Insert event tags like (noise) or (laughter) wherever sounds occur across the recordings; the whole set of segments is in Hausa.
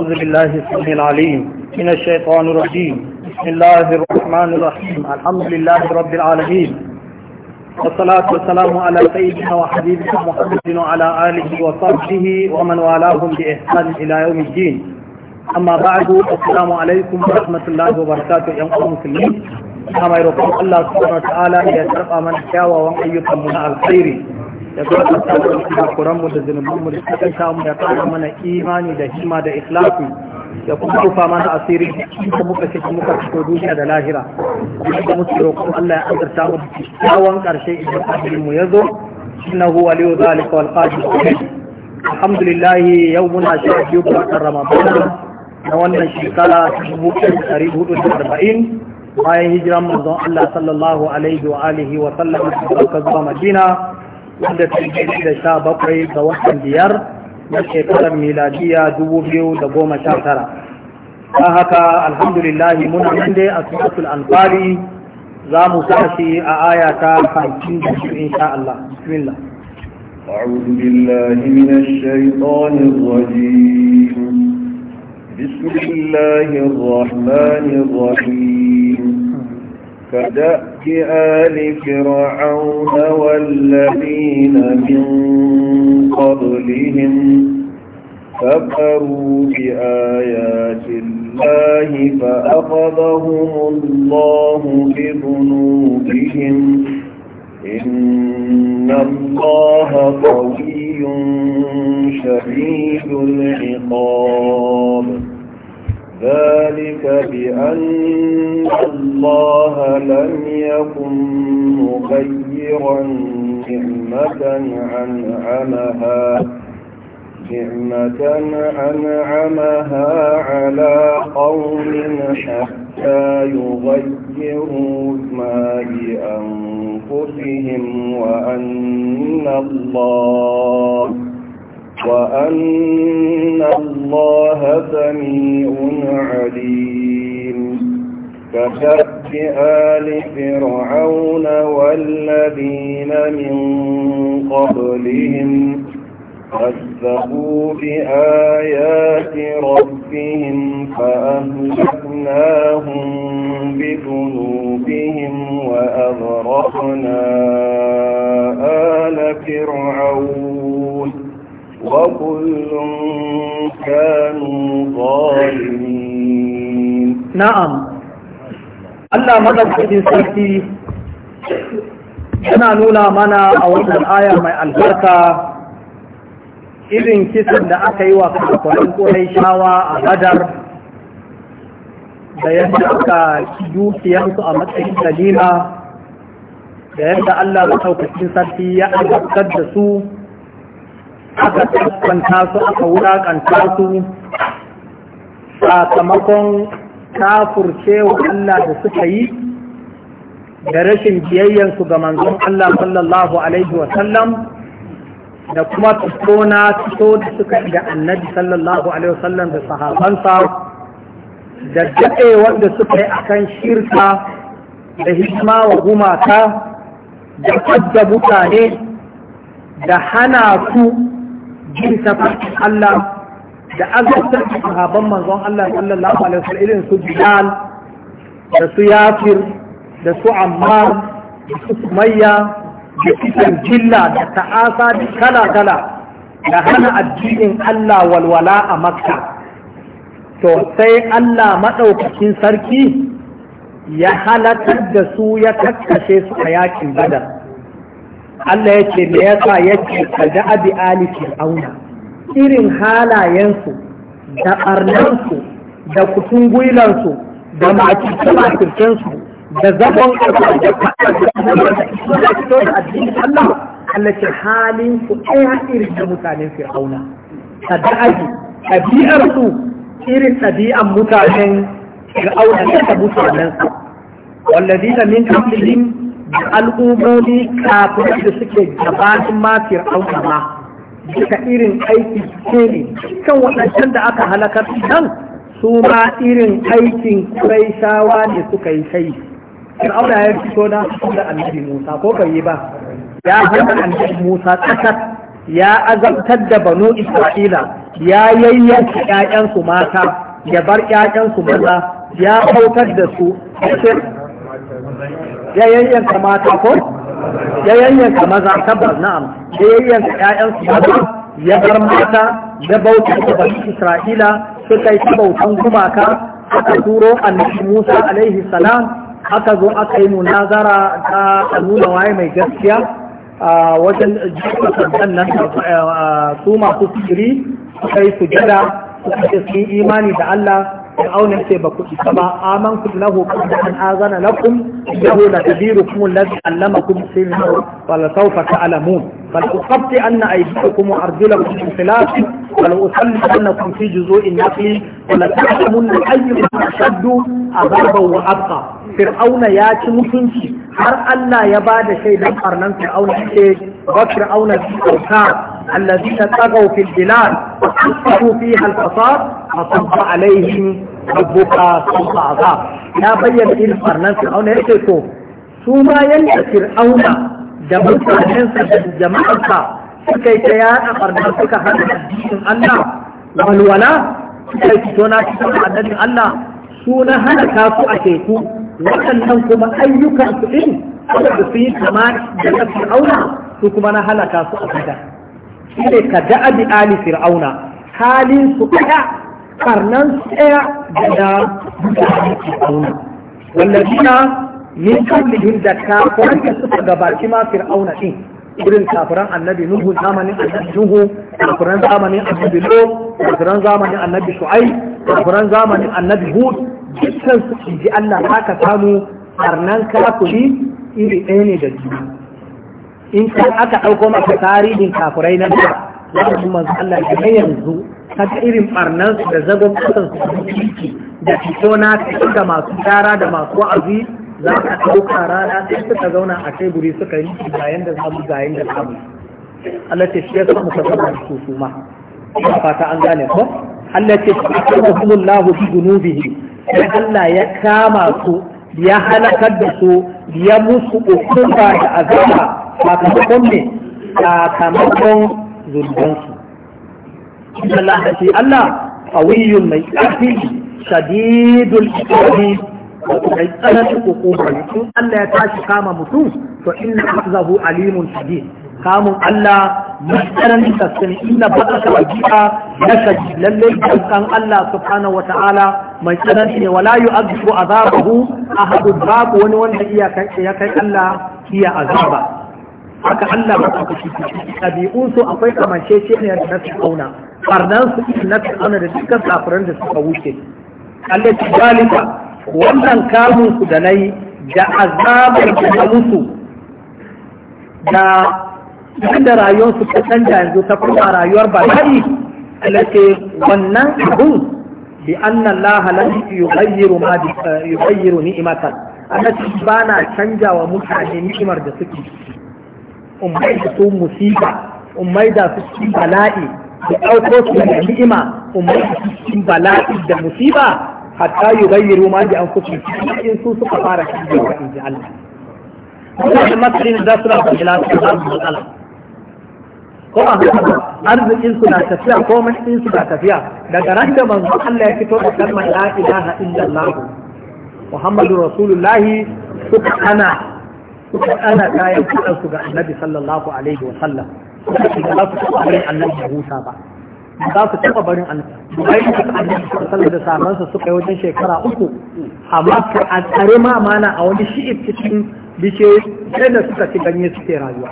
أعوذ بالله السلام العليم من الشيطان الرجيم بسم الله الرحمن الرحيم الحمد لله رب العالمين والصلاة والسلام على سيدنا وحبيبنا محمد وعلى آله وصحبه ومن والاهم بإحسان إلى يوم الدين أما بعد السلام عليكم ورحمة الله وبركاته يا مسلمين كما يرحم الله سبحانه وتعالى يترقى من شاء ومن على الخير da gafarta mana kurakuranmu da zunubanmu da suka samu da kara mana imani da hima da ikhlasi da kuma rufa mana asiri da muka ce muka fito duniya da lahira da muka roƙo Allah ya azurta mu tsawon ƙarshe idan ajalin mu ya zo innahu waliyu zalika wal qadir alhamdulillah yau muna sha ramadan na wannan shekara dubu da bayan hijiran manzon Allah sallallahu alaihi wa alihi wa sallam daga zuwa Madina wanda ta yi da sha bakwai ga watan biyar na shekarar miladiya dubu biyu da goma sha tara ta haka alhamdulillahi muna nan dai a suratul anfali za mu tashi a aya ta hamsin da shi insha Allah bismillah أعوذ بالله من الشيطان الرجيم بسم الله الرحمن الرحيم كدأب آل فرعون والذين من قبلهم كفروا بآيات الله فأخذهم الله بذنوبهم إن الله قوي شديد العقاب ذلك بأن الله لم يكن مغيرا نعمة أنعمها نعمة أنعمها على قوم حتى يغيروا ما بأنفسهم وأن الله وأن الله سميع عليم كدأب آل فرعون والذين من قبلهم أذبوا بآيات ربهم فأهلكناهم بذنوبهم وأغرقنا آل فرعون وكل كانوا ظالمين نعم الله مدد سلسي yana nuna mana a wannan aya mai albarka irin kisan da aka yi wa kakwarin ƙurai shawa a badar da yadda aka dukiyarsu a matsayin dalila da yadda Allah maɗaukacin sarki ya albarkar da su aka kwanta su aka wulakanta su sakamakon kafurcewa Allah da suka yi da rashin biyayyansu ga manzon Allah sallallahu alaihi wasallam da kuma fito fito da suka yi da annabi sallallahu alaihi wasallam da sahabansa da daɗe wanda suka yi akan shirka da hikima wa gumata da kwadda mutane da hana ku. bin tafarkin Allah da azabtar da sahaban manzon Allah sallallahu alaihi wasallam irin su Bilal da su Yafir da su Ammar da su Sumayya da kisan jilla da ta'asa da kala-kala da hana addinin Allah walwala a Makka to sai Allah maɗaukacin sarki ya halatar da su ya kakkashe su a yakin badar Allah ya ce me yasa yake ka da abi ali fir'auna irin halayensu da arnansu da kutungwilansu da makircensu da zagon ƙasa da fito da addinin Allah Allah ce halin su ɗaya irin da mutanen fir'auna ka da abi ɗabi'arsu irin ɗabi'an mutanen fir'auna da mutanensa والذين من قبلهم da al'ummomi kafin da suke gabanin ma aukama ma duka irin aiki ke ne kan waɗancan da aka halakar nan su ma irin aikin shawa ne suka yi kai. kan auna ya fito na da annabi musa ko bai yi ba ya hana annabi musa ƙasar. ya azabtar da banu isra'ila ya yayyanka ƴaƴansu mata ya bar ƴaƴansu maza ya kautar da su ya yayyanka mata ko ya yayyanka maza tabbas na'am ya yayyanka ƴaƴan su maza ya bar mata ya bauta da bani Isra'ila suka yi ta bautan gumaka aka turo annabi Musa alaihi salam aka zo aka yi munazara ta nuna waye mai gaskiya a wajen jikin sannan su masu sihiri suka yi sujada suka yi sun imani da Allah فرعون يسي بكوشي كما آمنكم له قبل أن آذن لكم إنه لكبيركم الذي علمكم السر فلسوف تعلمون فلأقطعن أيديكم وأرجلكم من خلاف ولأسلطنكم في جذوع النخل ولتعلمن أيكم أشد عذابا وأبقى فرعون يا mutunci har Allah ya ba da shaidan karnan Fir'auna ce wa Fir'auna fi kauta allazi ta tagaw fil bilad wa tasbu fiha al fasad wa tabba alaihim ya bayyana Fir'auna to su yanda Fir'auna da mutanensa da jama'arsa suka yi ta yaɗa ɓarna suka hana addinin Allah walwala suka yi fito na cikin addinin Allah su na hana kasu a teku waɗannan kuma ayyukan su ɗin da su yi kama da na fir'auna su kuma na halaka su a gida shi ne ka da'abi ali fir'auna halin su ɗaya karnan su ɗaya da na mutane fir'auna wallazina min kaulihim da kafiran da suka gabaci ma fir'auna din irin kafiran annabi nuhu zamanin annabi nuhu kafiran zamanin annabi lo kafiran zamanin annabi shu'ai kafiran zamanin annabi hud dukkan su ji Allah haka samu arnan kafiri iri ɗaya ne da juna in ka aka ɗauko maka tarihin kafirai na da za su manzo Allah ya yanzu kaga irin barnan da zagon kusan su da ciki da fito na da masu tara da masu wa'azi za ka ɗauka rana sai suka zauna a kai guri suka yi gayen da zamu gayen da zamu Allah ce shi ya sa muka zama su su ma fata an gane ko Allah ce akhadahumullahu bi dunubihi sai Allah ya kama su ya halakar da su ya musu ukunta da azaba sakamakon ne sakamakon su. Allah ce Allah qawiyyun mai ƙarfi shadidul iqabi kai tsananin hukuma ne in Allah ya tashi kama mutum to inna azahu alimun shadid kamun Allah mai tsananin gaskani inna ba'aka ka la shadid lalle kan Allah subhanahu wata'ala mai tsanani ne wala yu'adhibu azabahu ahadun babu wani wanda iya kai ya kai Allah iya azaba haka Allah ba ta kashi ɗabi'un su akwai kamancece ne da su kauna farnan su na kauna da dukkan safiran da suka wuce Allah ta zalika wannan kamunsu da na yi da azabar da na musu da da rayuwarsu ta canja yanzu ta kuma rayuwar bala'i alake wannan abun bi annan lahalar yubayyiru ni'imatar alaƙe ba na canja wa mutane ni'imar da suke umar da su musiba umar da su cikin bala'i da ɗauko su da ni'ima umar da su cikin bala'i da musiba hatta yughayyiru ma bi anfusihim in su suka fara shi canji wa inji Allah Kuma wannan matsalin da su rafa ila su da matsala ko a arzikin su na tafiya ko matsayin su na tafiya daga ran da manzo Allah ya fito da kalmar la ilaha illallah muhammadur rasulullahi suka ana suka ana kayan kuɗin su ga annabi sallallahu alaihi wa sallam suka shiga su annabi Musa ba za su taɓa barin an bai da annabi sallallahu da su suka yi wajen shekara uku amma ka a tsare ma mana a wani shi'ib cikin bishe sai da suka ci ganye suke rayuwa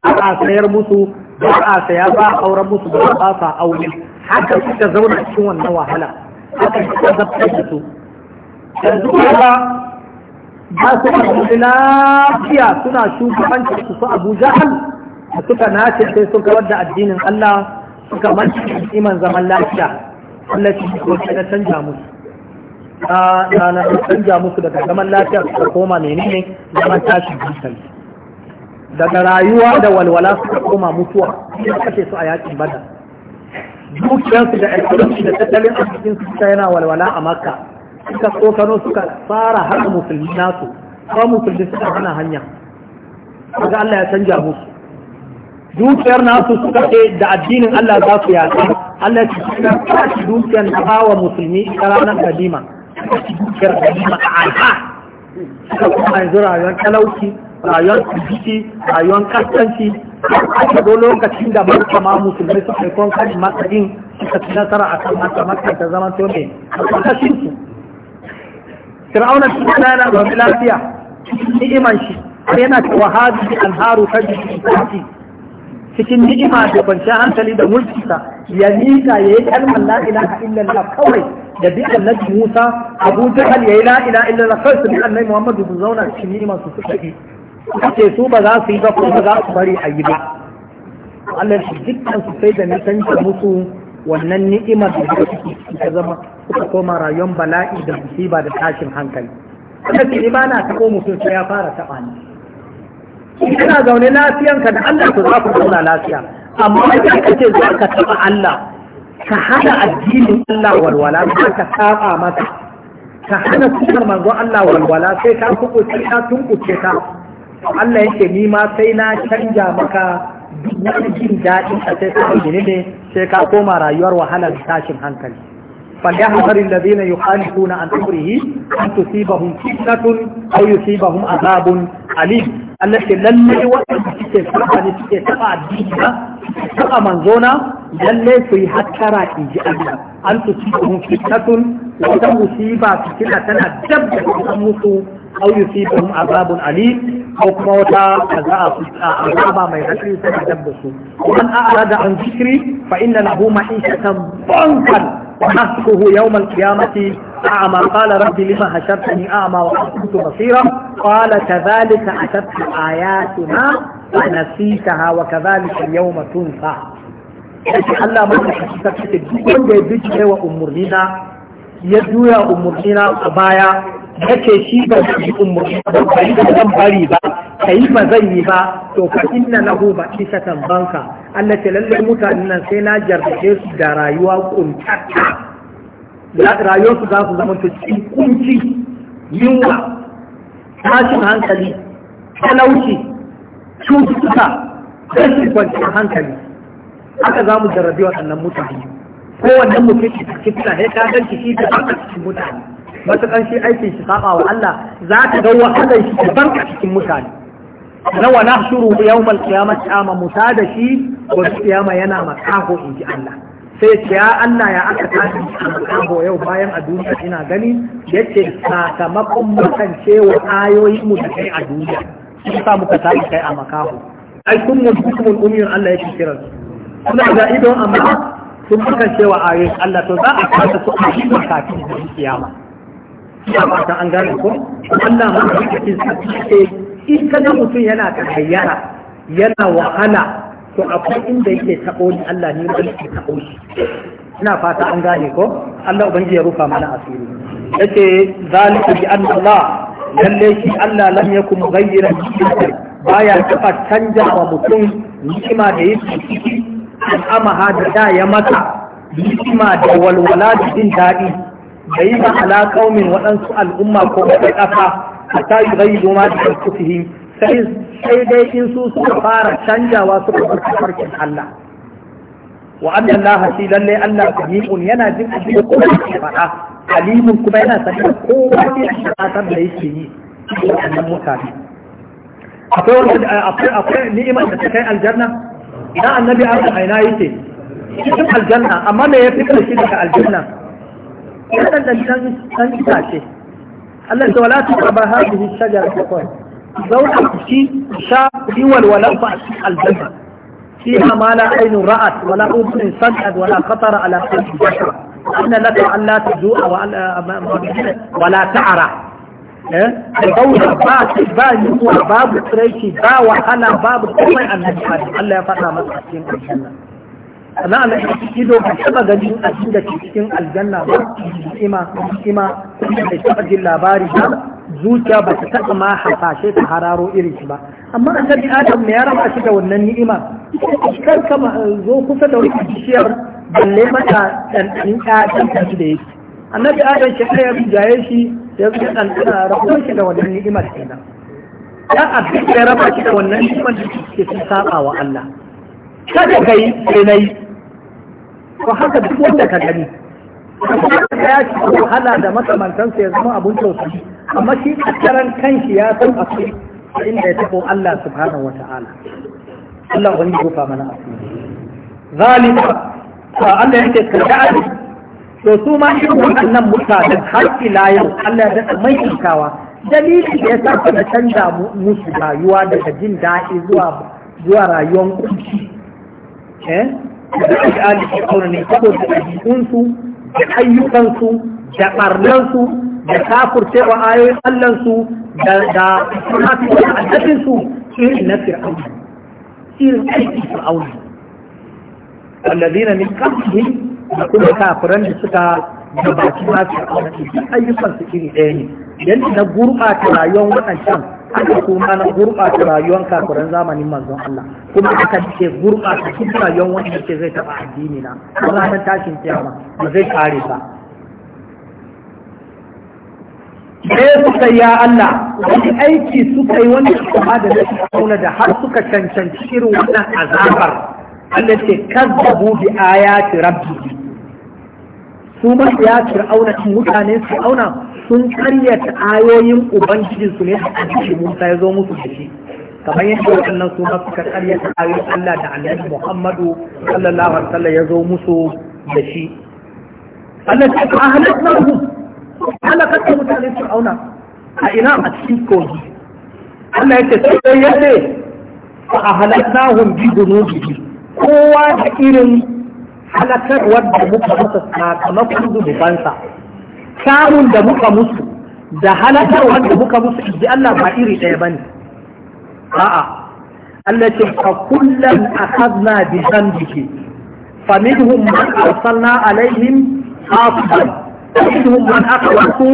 ba a sayar musu ba a saya ba a auren musu ba a sa aure haka suka zauna cikin wannan wahala haka suka zabtar da su yanzu kuma ba su da lafiya suna shugabanci su su Abuja, jahal da suka nace sai sun kawar da addinin Allah suka manta iman zaman lafiya Allah shi ko ta canja musu a na canja musu daga zaman lafiya suka koma menene zaman tashin hankali daga rayuwa da walwala suka koma mutuwa suka kashe su a yakin bada dukiyarsu da ekonomi da tattalin arzikin su ta yana walwala a makka suka tsokano suka fara har musulmi nasu kuma musulmi suka hana hanya daga Allah ya canja musu dukiyar nasu suka ce da addinin Allah za su yaƙi Allah ya ce ka kashi dukiyar da ba musulmi ita ranar kadima dukiyar kadima a alha suka kuma yanzu rayuwar talauci rayuwar kujiki rayuwar kastanci aka zo lokacin da maka ma musulmi suka yi kon kashi matsayin suka ci nasara a kan maka maka ta zama to ne a kashin su fir'auna cikin yana da lafiya ni'iman shi yana cewa hadi anharu tajri fi cikin ni'ima da kwanciyar hankali da mulkinsa ya miƙa ya yi kalmar la ilaha illallah kawai da bi annabi Musa Abu Jahal ya yi la ilaha illallah kawai su bi annabi Muhammadu su zauna cikin ni'ima su suka yi ce su ba za su yi ba ko ba za su bari a yi ba Allah shi dukkan su sai da nisanta musu wannan ni'imar da suka ciki ta zama suka koma rayuwar bala'i da musiba da tashin hankali. Allah ke ba na taɓo mutum sai ya fara taɓa ni. kana zaune lafiyanka da Allah to za ku zauna lafiya amma idan ka ce ka Allah ka hana addinin Allah walwala za ka saba masa ka hana sunan manzon Allah walwala sai ka kuɓuce ka tunkuce ka Allah yake ni ma sai na canja maka duk wani jin daɗin ka sai ka ne sai ka koma rayuwar wahalar tashin hankali فليحذر الذين يخالفون عن امره ان تصيبهم فتنه او يصيبهم عذاب اليم Allah lallai waɗanda suke saba ne suke saba addini na saba manzona lallai su yi hattara in ji Allah an su ci hun fitatun wata musiba fitina tana dab da kusan musu أو يصيبهم عذاب أليم أو كموتا عذابا ما سنة تتدبسوا ومن أعرض عن ذكري فإن له معيشة ضنكا ونحكه يوم القيامة أعمى قال ربي لما هشرتني أعمى وقد كنت بصيرا قال كذلك أتتك آياتنا ونسيتها وكذلك اليوم تنسى Allah mata hakika take duk wanda ya bijire wa umurnina ya juya umurnina a baya yace shi ba shi umurni ba bai da zan bari ba kai ba zan yi ba to fa inna lahu kan banka Allah ce lalle mutanen nan sai na jarrace su da rayuwa kuntatta rayuwar su za su zama ta cikin kunci yunwa tashin hankali talauci cututtuka rashin kwanciyar hankali haka za mu jarrabe waɗannan mutane kowanne mutum ke cikin fitna ya kagar shi da cikin mutane matukan shi aikin shi saba wa Allah za ta ga wahalar shi daban a cikin mutane nawa na shuru yawmal qiyamati ama musa da shi ko qiyama yana makaho in ji Allah sai ce ya Allah ya aka tashi a makaho yau bayan a duniya ina gani yace sakamakon makance wa ayoyin mu da kai a duniya sun sa muka tashi kai a makaho ai kun mun hukumul umiyun Allah yake su, suna da idon amma sun makance wa ayoyin Allah to za a kasa su a cikin kafin kiyama ina fata an gane ko Allah ma da cikin sarki in ka ga mutum yana kayyara yana wahala to akwai inda yake tabo ni Allah ne ma yake tabo shi ina fata an gane ko Allah ubangiji ya rufa mana asiri yace zalika bi anna Allah lalle shi Allah lam yakun mughayyiran baya taba canja wa mutum ni'ima da yake ciki an amaha da ya mata ni'ima da walwala da jin daɗi da yi ba ala kaumin waɗansu al'umma ko wata ƙasa a ta yi gai zoma da karkufihi sai dai in su suka fara canjawa suka fi farkin Allah wa annan laha shi lalle Allah sami'un yana jin abin da kowa ke faɗa alimun kuma yana sani kowa ne a shakatar da yake yi wannan mutane akwai akwai ni'imar da ta kai aljanna idan annabi a aina yake cikin aljanna amma me ya fitar shi daga aljanna ya dandantan dan itace Allah ta wala ta kaba hadhihi shajara ta kawai zauna ku ci sha فيها ما لا عين رأت ولا أذن سمعت ولا خطر على قلب بشر أن لك أن لا تجوع ولا تعرى إيه؟ الغوث بات با يقوى باب قريشي با وحلا باب قوي أن الله يفتح مسحكين الجنة sana na ido ka taba ganin abin da cikin aljanna ba ima ima da taba jin labari ba zuciya ba ta taba ma hasashe ta hararo irin shi ba amma a annabi adam mai ya raba shi da wannan ni'ima kar ka zo kusa da wani bishiyar balle mata ɗanɗanin ɗaɗan da yake annabi adam shi ya rijaye shi ya zo ɗanɗana rabuwar shi da wannan ni'imar kenan ya abin da ya raba shi da wannan ni'imar da ke sun saba wa Allah kada ka yi sai na yi to haka duk wanda ka gani ya ci wahala da makamantansa ya zama abun tausayi amma shi a karan kanshi ya san akwai inda ya tabo Allah subhanahu wa ta'ala Allah wani gufa mana zalika fa Allah yake kalli to su ma irin waɗannan mutanen har ila yau Allah ya daɗa mai kikawa dalilin da ya sa da canza musu rayuwa daga jin daɗi zuwa zuwa rayuwar kunci eh da ake alishi kauna ne saboda ɗabi'unsu da ayyukansu da ɓarnansu da wa ayoyin allansu da da sunafiwa annabinsu irin na fir'auna irin aiki fir'auna الذين من قبلهم da kuma kafiran da suka da baki ba su ke duk ayyukan su iri ɗaya ne yadda na gurɓata rayuwar waɗancan haka kuma na gurɓata rayuwar kafiran zamanin manzon Allah kuma aka ce gurɓata duk rayuwar wanda ke zai taɓa addini na ranar tashin kiyama ba zai kare ba ɗaya suka ya Allah wani aiki suka yi wani kuma da na kauna da har suka cancanci irin wannan azabar Allah ce kazzabu bi ayati rabbi su ma ya fir'auna in mutane auna sun karyata ayoyin su ne a cikin Musa ya zo musu da shi kamar yadda waɗannan su ma suka karyata ayoyin Allah da annabi Muhammadu sallallahu alaihi wasallam ya zo musu da shi Allah ta ka halaka mu halaka su mutane fir'auna a ina a cikin kogi Allah ya ce sai ya ce fa ahlaknahum bi dhunubihim kowa da irin halakarwar da muka masa sakamakon zunubansa samun da muka musu da halakarwar da muka musu inji Allah ba iri ɗaya ba ne a'a Allah ce fa kullum akhadna bi dhanbihi fa minhum man arsalna alaihim hasiban wa minhum man akhawatu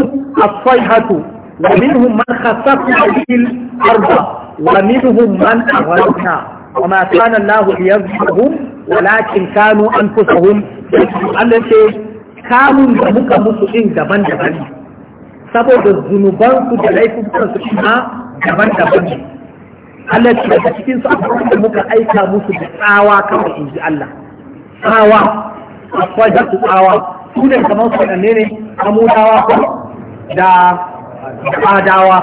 as-sayhatu wa minhum man khasafna bihi al-ardh wa minhum man aghraqna وما كان الله ليظلمهم ولكن كانوا أنفسهم Allah ce kamun da muka musu ɗin daban-daban ne saboda zunubansu da laifukan su ma daban-daban ne Allah ce da cikin su abubuwan da muka aika musu da tsawa kawai in ji Allah tsawa akwai da su tsawa su ne kamar su ne ne amudawa ko da adawa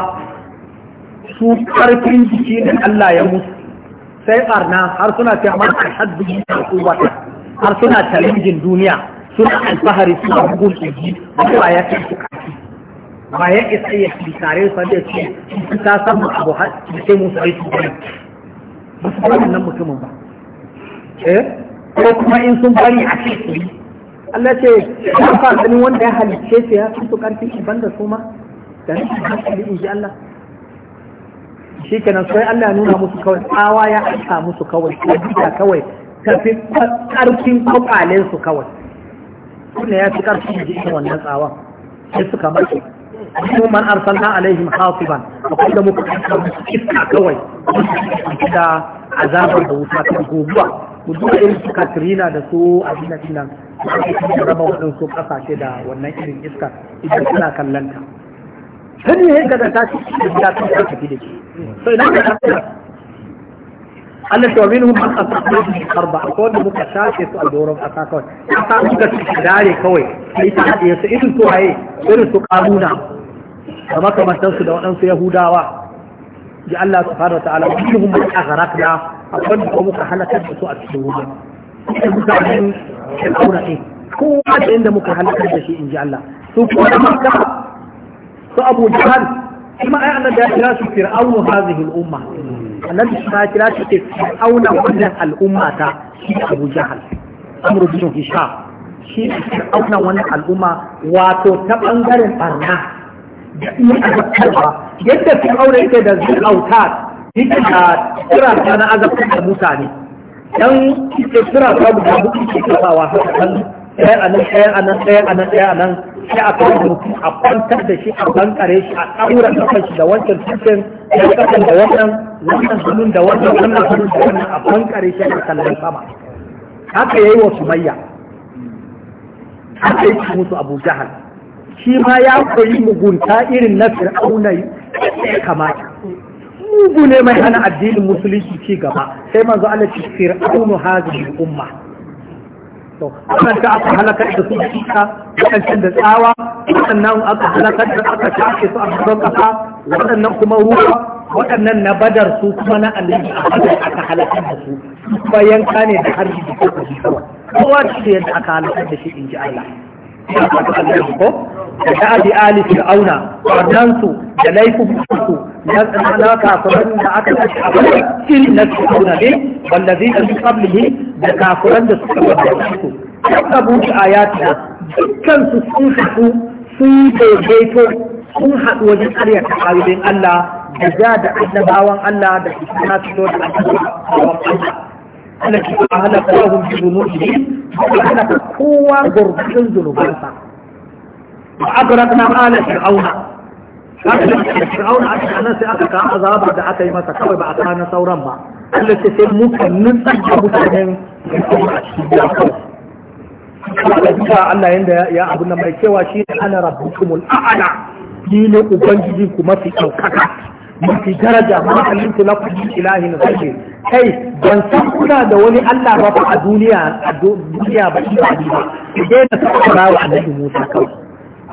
su karfin jiki da Allah ya musu sai barna har suna ce amma a haddu da kubata har suna talinjin duniya suna alfahari suna bugun ɗaji ba ya kai su kafi ba ya isa ya fi tare su da ce su ta samu abu har sai musu aiki ba ba su ba nan mutumin ba eh ko kuma in sun bari a ce su yi Allah ce ya fa ganin wanda ya halice su ya fi su karfi ban da su ma da rikin hankali in ji Allah shi kenan sai Allah ya nuna musu kawai tsawa ya aika musu kawai ta kawai tafi karfin kwakwalen su kawai kuma ya fi karfin jikin wannan tsawa sai suka mace kuma man arsalna alaihim hasiban akwai da muka kasa musu iska kawai da azabar da wuta ta gobuwa Mu duka irin su katrina da su abin nan da raba waɗansu ƙasashe da wannan irin iska idan suna kallanta. Sani ya yi da ta ce, "Ya ta tafi da ke." التي ومنهم من أصدقائه أربع أكون مكتشاك يسأل دورهم أساكوين أساكوين كتداري كوي إيه سئلتوا هاي سئلتوا قامونا فما كما تنسوا دوان أنسوا يهودا وا جاء الله سبحانه وتعالى ومنهم من أغرقنا أكون بقومك حالة تنسوا أتدورنا كمتعين كمعونا إيه كوات عند مكحلة تنسوا إن جاء الله سوكوين مكتب سأبو جهد kuma ai annabi ya kira su fir'aunu hadhihi al-umma annabi ya kira su fir'auna wannan al'umma ta shi Abu Jahal Amr bin Hisham shi fir'auna wannan al'umma wato ta bangaren barna da iya azabtarwa yadda fir'auna yake da zulautar yake da kira na azabtar da mutane dan kira ta da mutane ke kasawa haka ɗaya a nan ɗaya a nan ɗaya a nan ɗaya a nan sai a kan mutum a kwantar da shi a bankare shi a ɗaura kafan shi da wancan cikin ya kafan da wannan wannan hannun da wannan wannan hannun da wannan a bankare shi a kallon sama haka yayi wa sumayya haka yake musu abu jahal shi ma ya koyi mugunta irin na fir'auna ya kamata mugu ne mai hana addinin musulunci ci gaba sai manzo Allah ci fir'aunu hazi umma waɗanda aka halakar da su shiƙa waɗancan da tsawa waɗannan aka halakar da aka tashi su a gaban ƙasa waɗannan kuma ruwa waɗannan na badar su kuma na annabi a hadar aka halakar da su kuma yanka ne da harbi da kuka ji kawai kowa da yadda aka halakar da shi in ji Allah da ta abi ali fir'auna wannan su da laifin su na kafiran da aka kashe a wannan irin na fir'auna ne wallazi da min qablihi da kafiran da suka gabata su kasabu a ayatina dukkan su sun haɗu sun yi daidaito sun haɗu wajen karya ta ayoyin Allah da ja da annabawan Allah da su kuma fito da annabawan Allah Allah ki ba halaka lahum bi dhunubihim wa halaka kowa gurbin dhunubansa wa aghraqna ala fir'auna fir'auna a cikin nan sai aka azaba da aka yi masa kawai ba a kana sauran ba Allah ce sai muka da mutanen a cikin duka Allah yanda ya abu na mai cewa shi ne ana rabbukumul a'ala ni ne ubangiji ku mafi ɗaukaka mafi daraja ma kai ban san kuna da wani Allah ba a duniya a duniya ba shi ba Musa kawai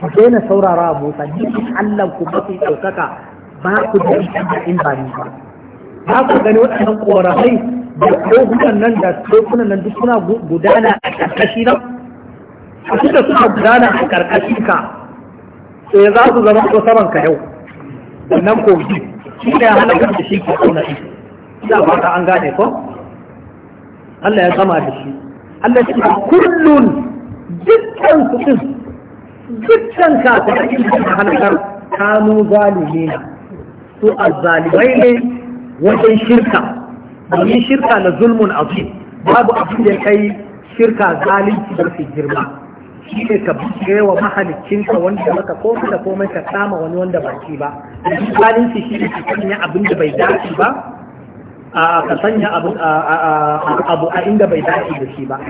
ku daina saurara a ni in Allah ku mafi ɗaukaka ba ku da in ba ni ba ba ku gani waɗannan ƙorafai da kofunan nan da kofunan nan duk suna gudana a ƙarƙashi nan a suka suna gudana a ƙarƙashi ka sai za su zama ko saman ka yau wannan kogi shi ne hana halakar da shi ke kauna ido ina ba ta an gane ko Allah ya zama da shi Allah ya ce kullun dukkan su din dukkan kafirai da halakar kanu zalimi na su azzalimai ne wajen shirka domin shirka na zulmun azim babu abin da kai shirka zalunci da su girma shi ne ka buge wa mahalicinka wanda maka komai da komai ka kama wani wanda ba shi ba zalunci shi ne ka sanya abin da bai dace ba a ka sanya abu a inda bai dace da shi ba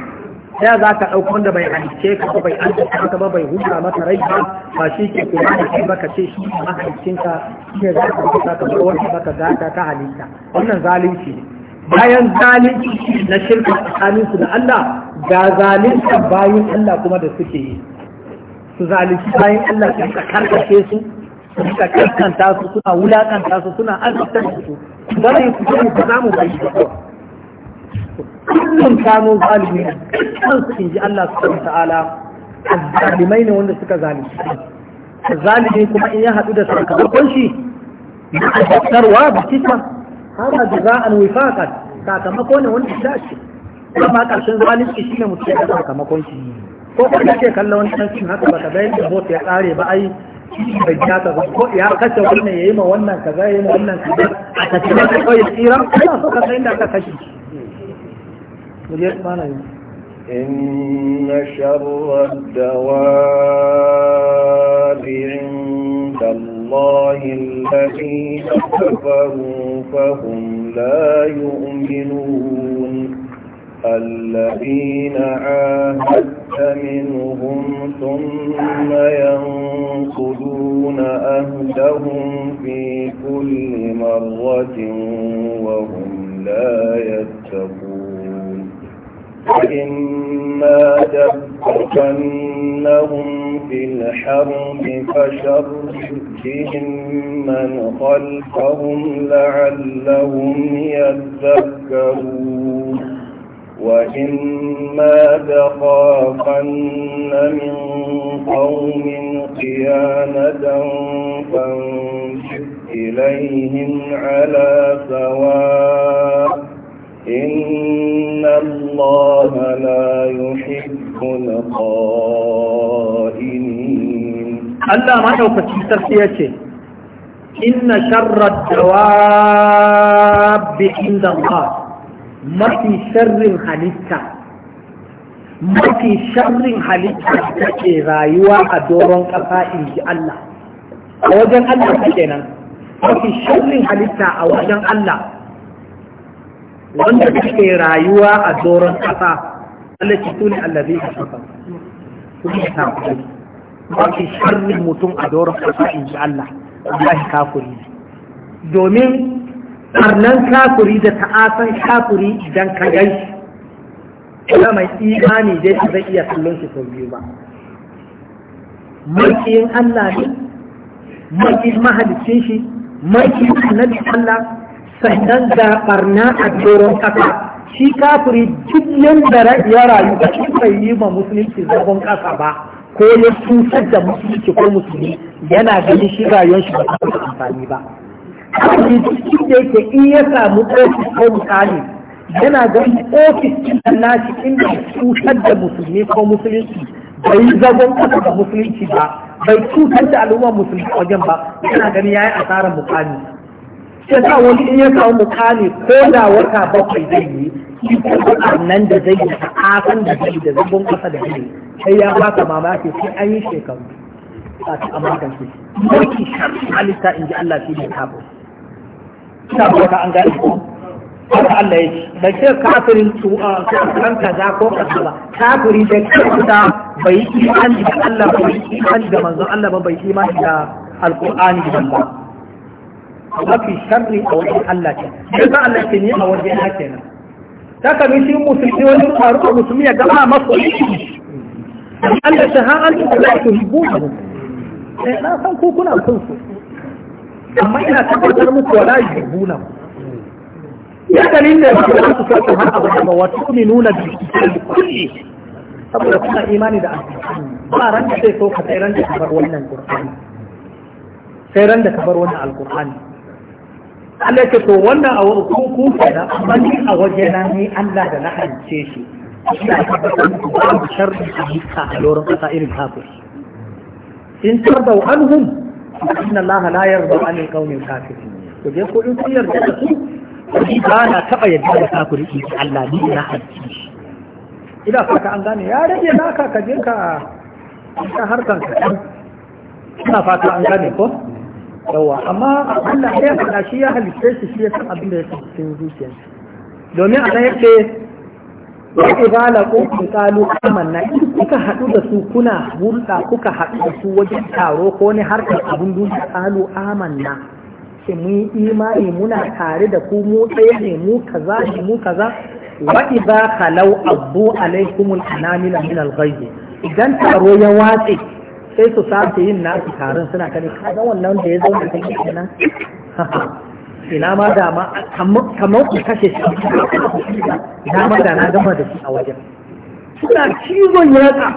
ta za ka ɗauka wanda bai halice ka ba bai halice ka ba bai huta mata rai ba ba shi ke kuma da shi baka ce shi ne mahalicinka shi za ka rubuta ka bar wanda baka gata ka halitta wannan zalunci ne bayan zalunci na shirka tsakanin su da Allah ga zalunci bayan Allah kuma da suke yi su zalunci bayan Allah su ka karkace su su ka karkanta su suna wulakanta su suna azabtar su zama yi kuma ba za mu bayyana ba kullum kamo zalimi a kansu in ji Allah kan ta'ala zalimai ne wanda suka zalunci zalimi kuma in ya haɗu da sakamakon shi na Hana da kisa a jaza'an wifaqan sakamako ne wanda ya shi kuma zalimi shi ne mutum ya sakamakon shi ko kuma ke kalla wani tantin haka ka ga yadda bot ya tsare ba ai bai ya ta ba ko ya kace wannan yayi ma wannan kaza yayi ma wannan kaza a tafiya ko ya tsira ina so ka san inda aka ka shi إن شر الدواب عند الله الذين كفروا فهم لا يؤمنون الذين عاهدت منهم ثم ينقضون أهدهم في كل مرة وهم لا يتقون فإما دبكنهم في الحرب فشرد بهم من خلفهم لعلهم يذكرون وإما تخافن من قوم خيانة فانشئ إليهم على سواء إن الله لا يحب الخائنين الله ما توقفت ترسيته إن شر الدواب عند الله ما في شر حليتا ما في شر حليتا تكي رايوا أدورون كفائي الله أوجن الله تكينا ما في شر حليتا أوجن الله wanda suke rayuwa a doron ƙasa Allah ki tuni allazi a ƙasa ku ne kafiri ki sharri mutum a doron ƙasa in ji Allah wallahi kafuri domin arnan kafuri da ta'asan kafuri idan ka gai ina mai imani dai ba zai iya kallon shi sau biyu ba mulkin Allah ne mulkin mahalicin shi mulkin annabi Allah sannan ga barna a doron kasa shi kafiri duk yanda ya rayu da shi bai yi ma musulunci zagon kasa ba ko ya cutar da musulunci ko musulmi yana ganin shi rayuwar shi ba kusa amfani ba kafiri duk da yake in ya samu ofis ko misali yana ganin ofis ɗin shi inda cutar da musulmi ko musulunci bai yi zagon kasa da musulunci ba bai cutar da al'ummar musulmi wajen ba yana ganin ya yi asarar mukami ya ta wani in ya samu mukami ko da wata bakwai zai yi shi kuma nan da zai yi kan da zai yi, da zubin kasa da zai sai ya ka mamaki sai an yi shekaru a ta amurkan su mulki sharri halitta in ji Allah shi ne kafin ina bauta an gani haka Allah ya ce da ce kafirin kan kaza ko kaza ba kafiri da kusa bai yi imani da Allah bai yi imani da manzon Allah ba bai yi imani da alqur'ani da Allah mafi sharri a wajen Allah ce sai sa Allah ke ni a wajen na nan? ta kami shi musulmi wani faru a musulmi ya gama masu aiki Allah ta ha an da su hibu sai na san ko kuna son su amma ina tabbatar muku wala yuhibbu na ya dalilin da ya su so har abu da nuna da bi kulli saboda kuna imani da Allah ba ran da sai so ka tsayar da bar wannan qur'ani sai ran da ka bar wannan alkur'ani Allah ce to wannan a wurin kun kun kenan amma ni a waje na ni Allah da na halice shi ina tabbatar da babu sharri a hikka a lorin kasa irin kafir in tardau anhum inna Allah la yarda an alqawmi kafirin to je ko in kun yarda da su ni ba na taba yarda da kafiri in Allah ni na halice shi ina fata an gane ya rage naka ka ka ta harkan ka ina fata an gane ko yawa amma Allah ya faɗa shi ya halitta shi shi ya san abin da ya san cikin zuciyar domin a ɗaya ce wa ibala ko kun kalu amanna in kuka haɗu da su kuna hulɗa kuka haɗu da su wajen taro ko ne harkar abin duniya kalu amanna ce mun yi imani muna tare da ku mu tsaye ne mu kaza ne mu kaza wa idza lau abu alaikumul anamila min al idan taro ya watse sai su sake yin nasu tarin suna kare kaga wannan da ya zauna kan shi nan (laughs) ina ma da ma kamar ku kashe shi ina ma da na gama da shi a wajen suna cizon yatsa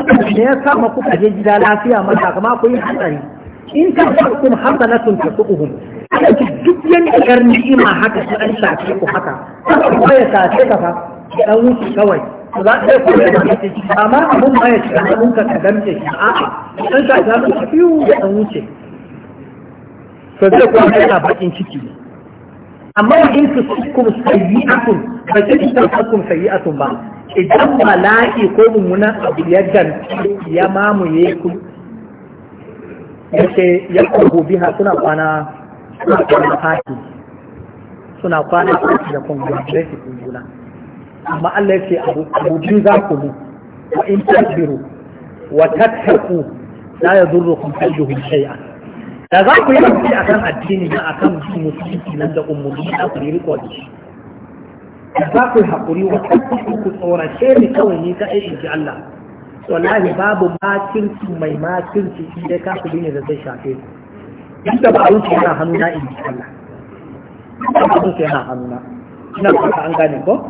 da ya sama kuka kaje gida lafiya mata kuma ku yi hatsari in ka ku hukum hasanatun tasuhum duk yanda garni ima haka su an shafe ku haka ko ya sace ka fa ya ɗan wuce kawai to za ta kuma da ta amma abun ba ya ci abun ka kadan ce shi a'a dan ka za ka fiu ya ɗan wuce to zai kuma yana bakin ciki amma in ku kum sayyi'atun ba ta ci ta kum sayyi'atun ba idan ba bala'i ko mummuna abu ya ganci ya mamuye ku yace ya kurbu biha suna kwana suna kwana fati suna kwana fati da kungiya sai su kungiya amma Allah ya ce abu biyu za ku bi wa in tasbiru wa tattaku la yadurrukum kayduhum shay'an da za ku yi rubuci akan addini na akan musulunci nan da ummudu da ku yi riko da shi da za ku yi haƙuri wa tattaku ku tsorace ni kawai ni ka in ji Allah wallahi babu makirci mai makirci inda ka ku ne da zai shafe ku inda ba wuce yana hannuna in ji Allah ba wuce yana hannuna ina fata an gane ko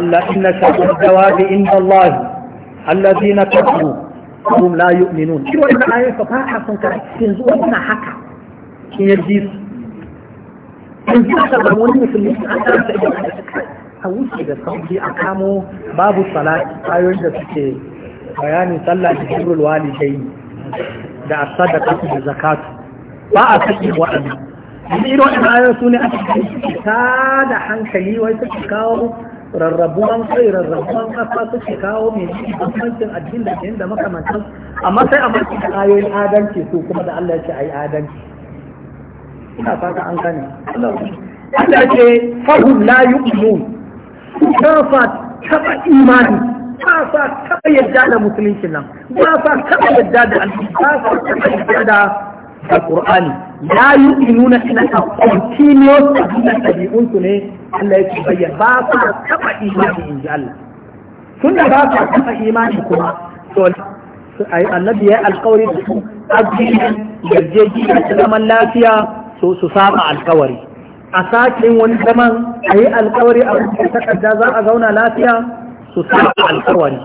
ألا إن شر الدواب عند الله الذين كفروا هم لا يؤمنون شو أن آية فباحة تنزو أن حكا شين يجيس تنزو أشر بموني في المسلمين a wuce da sauki a kamo babu salati ayoyin da suke bayanin sallah da jibrul walidai da asadaka da zakatu ba a saki waɗanda yanzu irin waɗanda ayoyin su ne a cikin ta da hankali wai suke kawo rarrabuwan kai rarrabuwan kasa suke kawo mai bambancin addinin da da makamantan amma sai a maki da ayoyin adalci su kuma da Allah ya ce yi adalci ina fata an gane Allah ce fahum la yu'minun ta sa taba imani ta sa taba yadda da musulunci nan ta sa taba yadda da alƙur'ani ba sa taba yadda da القرآن لا يؤمنون إلى continuous أبنى تبيئون تنه الله يتبين باسا كما إيماني إن شاء الله سنة باسا كما إيماني كما سؤال النبي القوري أبنى يرجيجي أسلام اللافية سسابع القوري أساكين ونزمن أي القوري أو تكدازا أزونا لافية سسابع القوري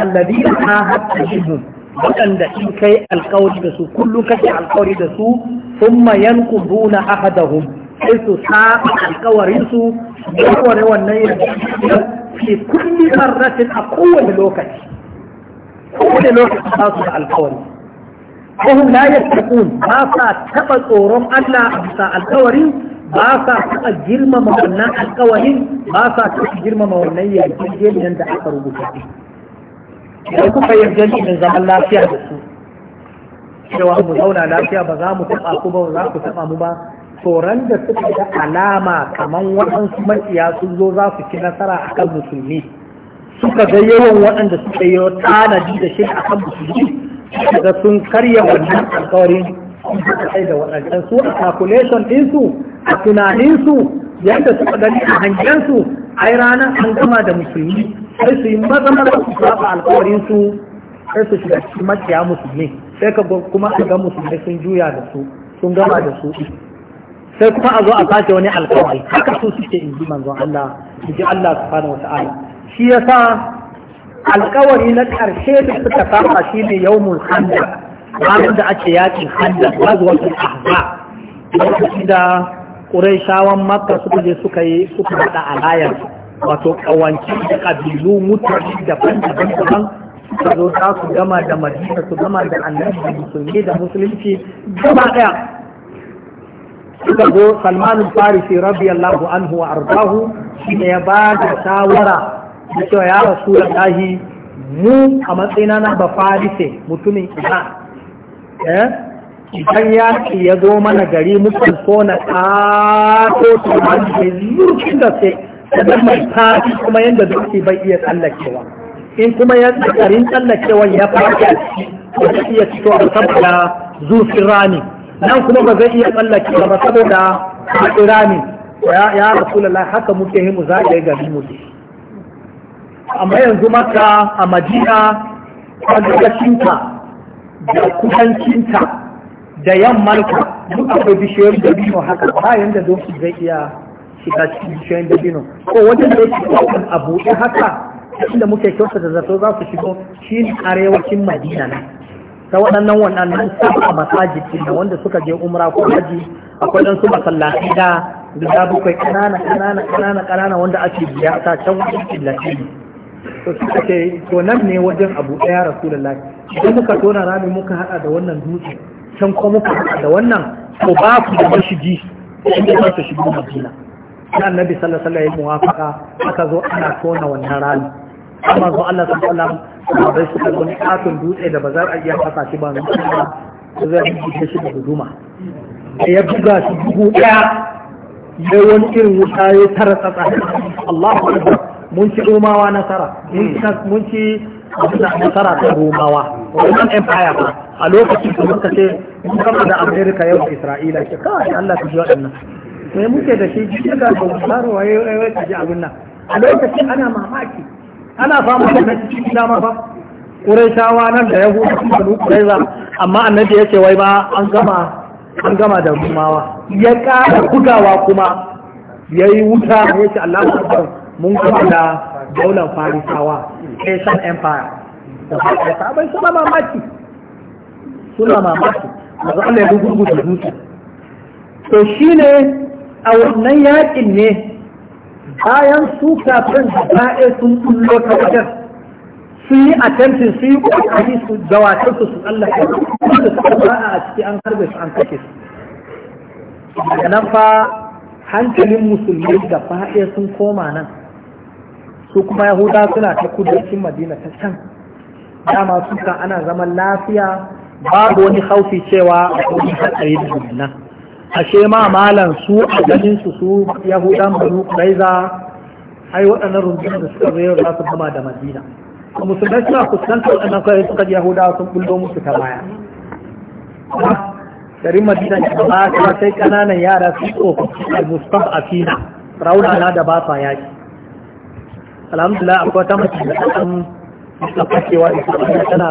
الذين آهدت منهم waɗanda in kai alkawari da su kullum kake alkawari da su thumma da ahadahum sai su saba alkawarin su warware wannan yarda ke kulli marratin a kowane lokaci kowane lokaci ba su da alkawari وهم لا يتقون باسا تبا تورم ألا أبسا الكورين باسا تبا جرم مولنا الكورين باسا تبا جرم مولنا يجيب يندع aka rubuta. idan kuka yarda ni da zaman lafiya da su cewa mu zauna lafiya ba za mu taɓa ku ba za ku taɓa mu ba tsoron da suka da alama kamar waɗansu maciya sun zo za su ci nasara a kan musulmi suka ga yawan waɗanda suka yi tanadi da shi a kan musulmi suka ga sun karya wannan alƙawarin. kai da waɗancan su a calculation ɗinsu a tunaninsu yadda suka gani a hangensu ai ranar an gama da musulmi sai su yi maza maza su saba alkawarinsu sai su shiga cikin maciya musulmi sai ka kuma a ga musulmi sun juya da su sun gama da su sai kuma a zo a sace wani alkawari haka su suke in ji manzon Allah in ji Allah subhanahu wata'ala shi yasa alkawari na ƙarshe da suka saba shine yawmul khandaq abin da ake yakin handa gazuwatul ahza lokacin da ƙurayshawan makka suka je suka yi suka hada alayar wato kawanci da kabilu mutane daban-daban daban suka zo za su gama da madina su gama da annabi da musulmi da musulunci gaba ɗaya suka zo salmanul farisi radiyallahu anhu wa ardahu shi ne ya ba da shawara da cewa ya rasu da mu a matsayina na ba farise mutumin iran Eh? idan yaƙi ya zo mana gari mukan so na ƙato tumani da zurfin da sai idan mai tafi kuma yadda zuci bai iya tsallakewa in kuma ya tsarin tsallakewa ya fara a ciki ba zai iya fito a saboda zurfin rami nan kuma ba zai iya tsallakewa ba saboda faɗi rami ya rasulallah haka muke yi mu yi gari mu amma yanzu maka a madina a gabashinka da kudancinta da yammarka duk akwai bishiyoyin dabino haka bayan da doki zai iya shiga cikin bishiyoyin dabino ko wajen da yake kwakwan a buɗe haka inda muke kyauta da zato za su shigo shi ne arewacin madina na ta waɗannan waɗannan saba masajid da wanda suka je umra ko haji akwai ɗansu masallaci da guda bakwai ƙanana ƙanana ƙanana ƙanana wanda ake biya ta can wajen killace ne to suka ce to nan ne wajen abu ɗaya rasulullah idan muka tona rami muka haɗa da wannan dutse can kuma muka haɗa da wannan to ba ku da mashigi inda za su shigo madina sai annabi sallallahu alaihi wasallam ya muwafaka aka zo ana tona wannan rami amma zo Allah sallallahu alaihi wasallam bai suka wani katon dutse da ba za a iya fasa shi ba Ba zai yi shi da huduma ya buga shi dubu ɗaya sai wani irin wuta ya tara tsatsa Allahu akbar mun ci romawa nasara mun ci nasara ta romawa wannan empire ba a lokacin da muka ce mun kama da amerika yau da isra'ila ce kawai allah ta ji waɗannan mai muke da shi jikin ga ba wa waye waye ta ji abin nan a lokacin ana mamaki ana fama da na cikin dama fa ƙuraishawa nan da yahudu sun da ƙuraiza amma annabi ya ce wai ba an gama an gama da rumawa ya ƙara bugawa kuma ya yi wuta ya ce allah ta mun kuma da daular farisawa Persian Empire da farisa bai suna mamaki suna mamaki masu Allah ya gurgu da zuci to shi ne a wannan yakin ne bayan su kafin da ba'e sun kullo ta wajen su yi attempting su yi kokari su gawatar su su tsallaka su suka ba'a a ciki an harbe su an kake. su daga nan fa hankalin musulmi da fa'e sun koma nan su kuma yahuda suna ta kudancin madina ta can dama suka ana zaman lafiya babu wani haufi cewa a kudin hatsari da a ashe ma malan su a ganin su su yahudan banu kuraiza ai waɗannan rundunar da suka zo yau za su zama da madina musulmai suna fuskantar waɗannan kawai suka ji yahudawa sun bullo musu ta baya garin madina ta ba sai ƙananan yara su tsofaffi a fina. rauna na da ba sa yaki alhamdulillah akwai ta mace da kan ta kashewa da tana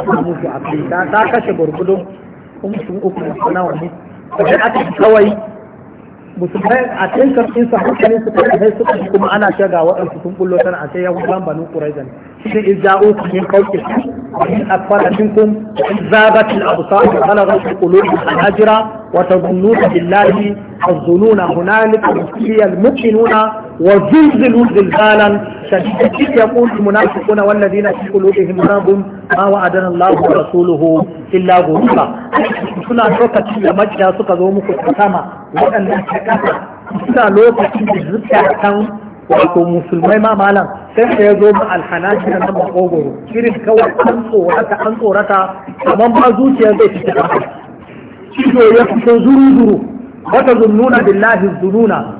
musu a kai ta kashe gurgudun mutum uku da sana wani wajen aka kawai musulmai a cikin karfin su hankalin su kai sai suka kuma ana ce ga waɗansu sun bullo tana a sai yahudan banu quraizan shi in ja'u ku min kauke wa min akfara minkum in zabat al absar wa balagat al qulub al hajra wa tadhunnuna billahi az-zununa hunalika yufiya al mu'minuna وزلزلوا زلزالا شديدا يقول المنافقون والذين في قلوبهم مرض ما وعدنا الله ورسوله الا غرورا suna lokacin da majiya suka zo muku ta sama waɗanda ta kasa suna lokacin da zuciya musulmai ma malam sai da ya zo ma alhanashi da nan makogoro irin kawai an tsorata an tsorata kamar ba zuciya zai ya fito zuru zuru wata billahi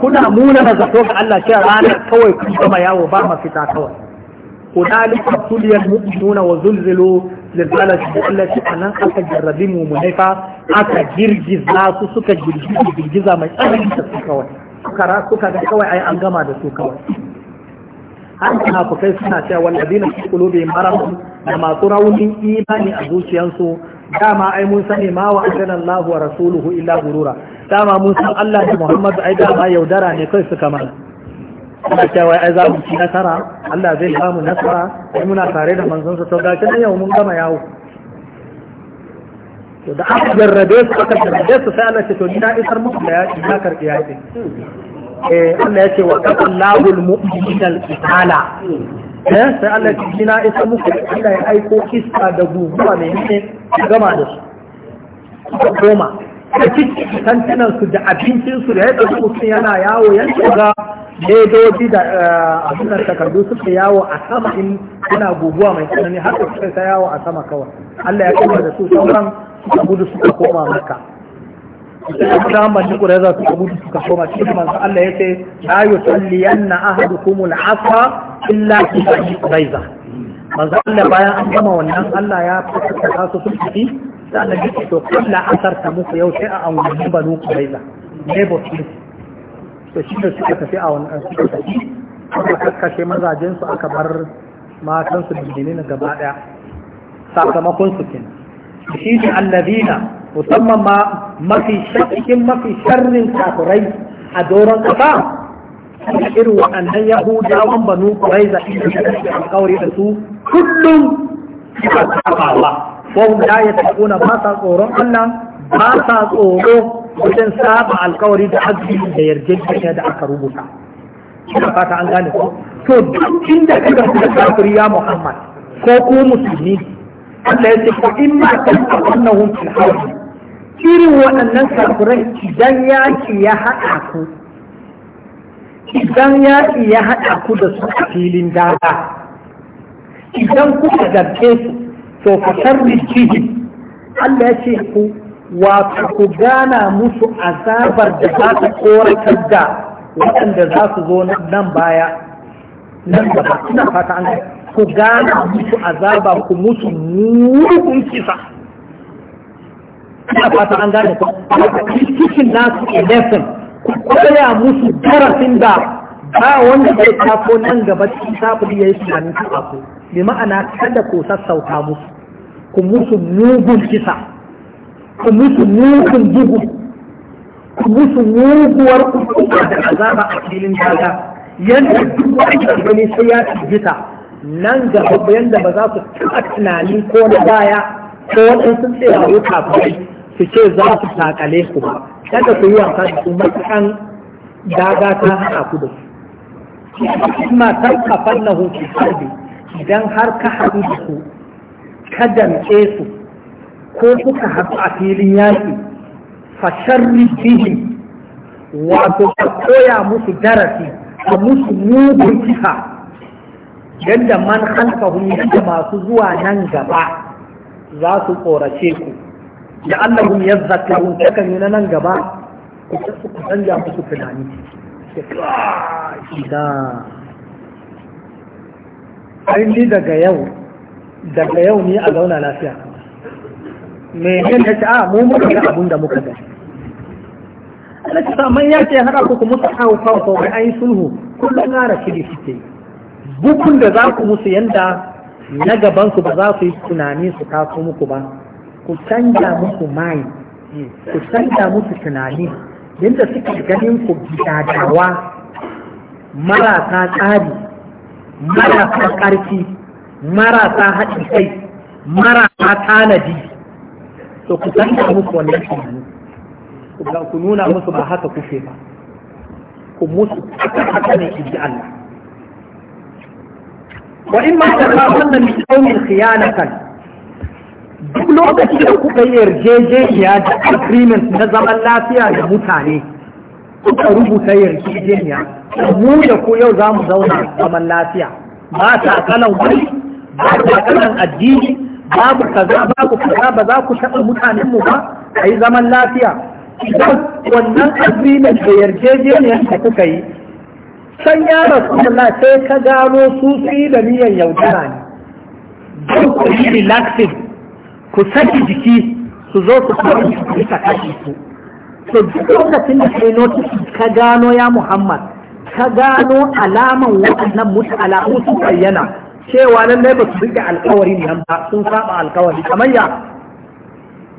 kuna muna na zato ga Allah shi ranar kawai kun gama yawo ba mafita kawai hunalika tuliyal mu'minuna wa zulzilu zilzala allati anan aka jarrabi mu munaifa aka girgiza su suka girgiza girgiza mai tsanani da su kawai suka suka ga kawai ai an gama da su kawai har kai suna cewa wallazina fi qulubihim maradun da masu raunin imani a zuciyarsu dama ai mun sani ma wa Allahu wa rasuluhu illa gurura dama mun san Allah da Muhammadu ai dama yaudara ne kai suka mana kuma cewa ai za mu ci nasara Allah zai ba mu nasara ai muna tare da manzon sa to ke yau mun gama yawo to da aka jarrabe su aka jarrabe su sai Allah ce to ni na isar muku da yaki na karbi yaki eh Allah ya ce wa qallahu almu'minina al-qitala eh sai Allah ya ce ni na isar muku Allah ya aiko kista da guguwa mai ne gama da su goma da cikin kantinansu da abincinsu da yadda mutum yana yawo yan shiga ledoji da eh, abinan takardu suka yawo a sama in suna guguwa mai tsanani har suka ta yawo a sama kawai Allah ya kama da su sauran suka gudu suka koma maka da hamban kura za su gudu suka koma cikin manzo Allah ya ce la yusalliyanna ahadukum al-asra illa fi bayza manzo Allah bayan an gama wannan Allah ya fara su su sa annabi ce to kulla asar ta muku yau sai a angurin banu kuraiza. neighbor street to shi ne suka tafi a wannan suka tafi aka kakkashe mazajen su aka bar matan su bijini na gaba daya sakamakon su kenan shi ne allazina musamman ma mafi shakkin mafi sharrin kafirai a doron kasa irin waɗannan yahudawan banu kuraiza inda suka alkawari da su kullum suka saba Allah وهم لا يتقون ما تصورون أن ما tsoro wajen saba alkawari da azumi da yarjejeniya da aka rubuta ina fata an gane ko to duk inda kika da kafiri ya Muhammad ko ku musulmi Allah ya ce ko in ma ta annahum fil hawl irin waɗannan kafirai idan yaki ya haɗa ku idan yaki ya haɗa ku da su filin dada idan kuka garke su to fa cikin, Allah ya ce ku wato ku gana musu azabar da za ta koratar da waɗanda za su zo nan baya nan gaba ina fata an ku gana musu azaba ku musu mugun kisa ina fata an gane ku cikin nasu lesson ku koya musu darasin da ba wanda zai tafo nan gaba cikin safi da ya yi tunanin tafi bi ma'ana kada ku sassauta musu ku musu mugun kisa ku musu mugun bugu ku musu muguwar kuka da azaba a filin daga yadda duk wani gani sai ya firgita nan ga yadda ba za su taɓa tunani ko na baya ko waɗansu a wuta kawai su ce za su takale ku ba kada ku yi wasa da su matakan daga ta hana ku da su. Kuma tarka fannahu ki harbi idan har ka haɗu da su ka su ko suka haɗu a filin yaƙi fasharri bihi wato ka koya musu darasi ka musu mugun kisa yadda man halfahun yadda masu zuwa nan gaba za su tsorace ku da allahun ya zakarun takan yi na nan gaba ku su ku canja musu tunani da ainihi daga yau daga yau ne a zauna lafiya me ne ta a ah, mu muka ga abin da muka gani Allah ta ya ce haɗa ku kuma musu hawa fawa wai an yi sulhu kullum na rashi da suke bukun da za ku musu yanda na gaban ku ba za su yi tunani su taso muku ba ku canja musu mai ku canja musu tunani yadda suke ganin ku gidadawa marasa tsari marasa ƙarfi marasa haɗin kai marasa tanadi to ku da musu wannan tunani ku nuna musu ba haka kuke ba ku musu haka ne in ji Allah wa in ma ta wannan min khiyana kan, duk lokacin da kuka yi yarjejeniya da agreement na zaman lafiya da mutane kuka rubuta yarjejeniya mu da ku yau za mu zauna zaman lafiya ba ta kalan wani ba da addini babu kaza babu kaza ba za ku taɓa mutanen mu ba a yi zaman lafiya idan wannan agreement da yarjejeniyar da kuka yi san ya rasulullah sai ka gano su fi da niyan yaudara ne don ku yi relaxing ku saki jiki su zo su kawai su ta kashi su to duk lokacin da kai notice ka gano ya muhammad ka gano alaman waɗannan mutu alamu su bayyana cewa lallai ba su rike alkawarin nan ba sun saba alkawari kamar ya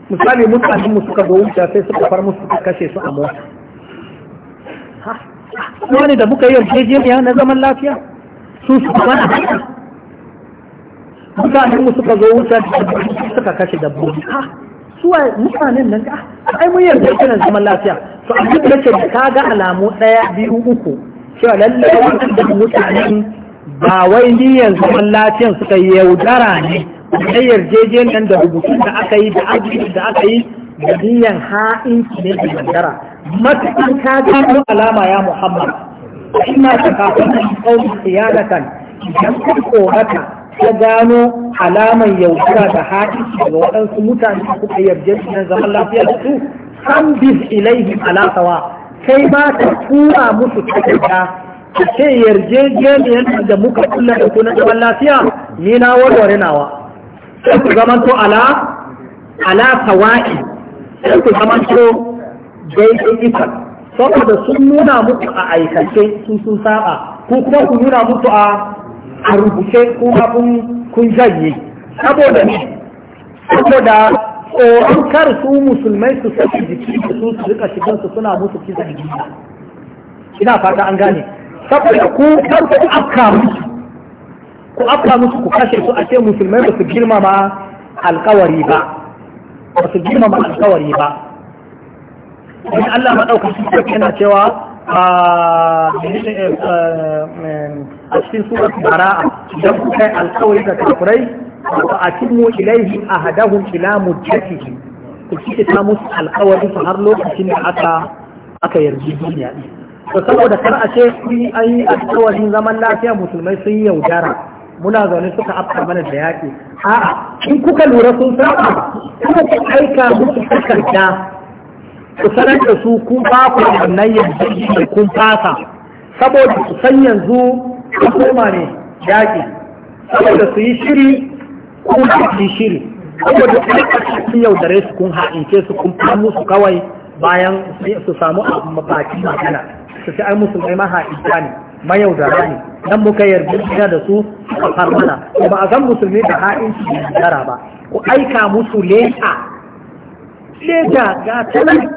misali mutanen mu suka zo wuce sai suka far musu suka kashe su a mota wani da muka yi yarjejeniya na zaman lafiya su su mana mutanen mu suka zo wuce suka kashe dabbobi suwa mutanen nan ah, ai mun yarda kiran zaman lafiya to a duk da ka ga alamu daya biyu uku cewa lallai wannan da mutanen ba wai niyan zaman lafiyan suka yaudara ne da yarjejeniyar da rubutun da aka yi da abubuwan da aka yi da ha'in ha'inci ne da yaudara matuƙan ka gano alama ya muhammad ina ta kafin kawai siyanatan idan ka tsorata ta gano alaman yaudara da ha'inci daga waɗansu mutane da suka yarjejeniyar zaman lafiyar, su an bis ilaihim alasawa kai ba ta tura musu takarda a ce yarjejeniyar da muka kulla da kuna zaman lafiya ni na warware nawa sai ku zaman to ala ala tawa'i sai ku zaman to daidai ita saboda sun nuna muku a aikace sun sun saba ko kuma ku nuna muku a a rubuce kuma kun kun janye saboda ne saboda tsoron kar su musulmai su saki jiki da su su rika shigansu suna musu kisan gida ina fata an gane saboda ku kar ku afka musu ku afka musu ku kashe su a ce musulmai ba su girmama alkawari ba ba su girmama alkawari ba in Allah maɗaukaki sarki yana cewa eh, eh, a cikin surat bara'a idan ku kai alkawari da kafirai fa atimu ilaihim ahadahum ila muddatihi ku kike ta musu alkawarin su har lokacin da aka aka yarjejeniya din da saboda kar a ce kun ai alƙawarin zaman lafiya musulmai sun yaudara muna zaune suka afka mana da yaƙi a'a in kuka lura sun saba kuma ku aika musu takarda ku sanar da su kun ba ku wannan yanzu kun fasa saboda ku san yanzu ku koma ne yaƙi saboda su yi shiri ku yi shiri saboda ku yi sun yaudare su kun ha'ince su kun musu kawai bayan su samu a baki magana su ci ai musulmai ma ha'ija ne mayaudara ne dan muka yarda da su a farmana ba a san musulmi da ha'inci da yara ba ku aika musu leta leta ga talar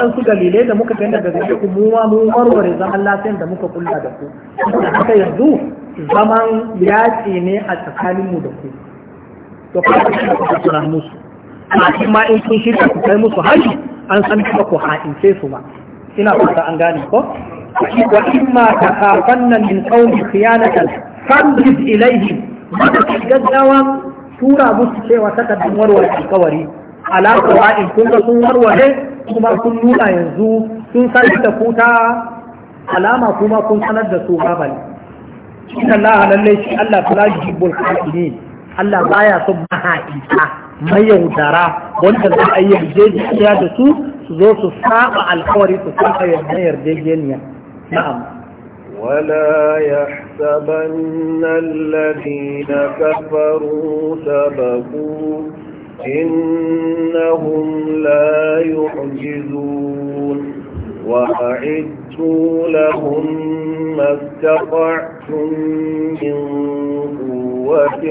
an su dalilai da muka tanda da zai kuma mu warware zaman lafiyar da muka kulla da ku haka yanzu zaman yaƙi ne a tsakaninmu da ku to ka ku tsara musu a cikin ma in kun shirya ku kai musu haji an san ba ku ha'ince su ba ina fata an gane ko wa imma takafanna min qawmi khiyanatan fadrid ilayhim gaggawa tura musu cewa takardun warware alkawari ala qawa'in kun ga sun warware kuma sun nuna yanzu sun sanar da ku ta alama kuma kun sanar da su babali inna allaha lallai shi allah la yuhibbul kafirin Allah baya son maha'ita mayaudara wanda za a yi yarjejeniya da su su zo su saba alkawari su saba yarda yarjejeniya na'am ولا يحسبن الذين كفروا سبقوا إنهم لا يعجزون وأعدوا لهم ما استطعتم من قوة ولرباط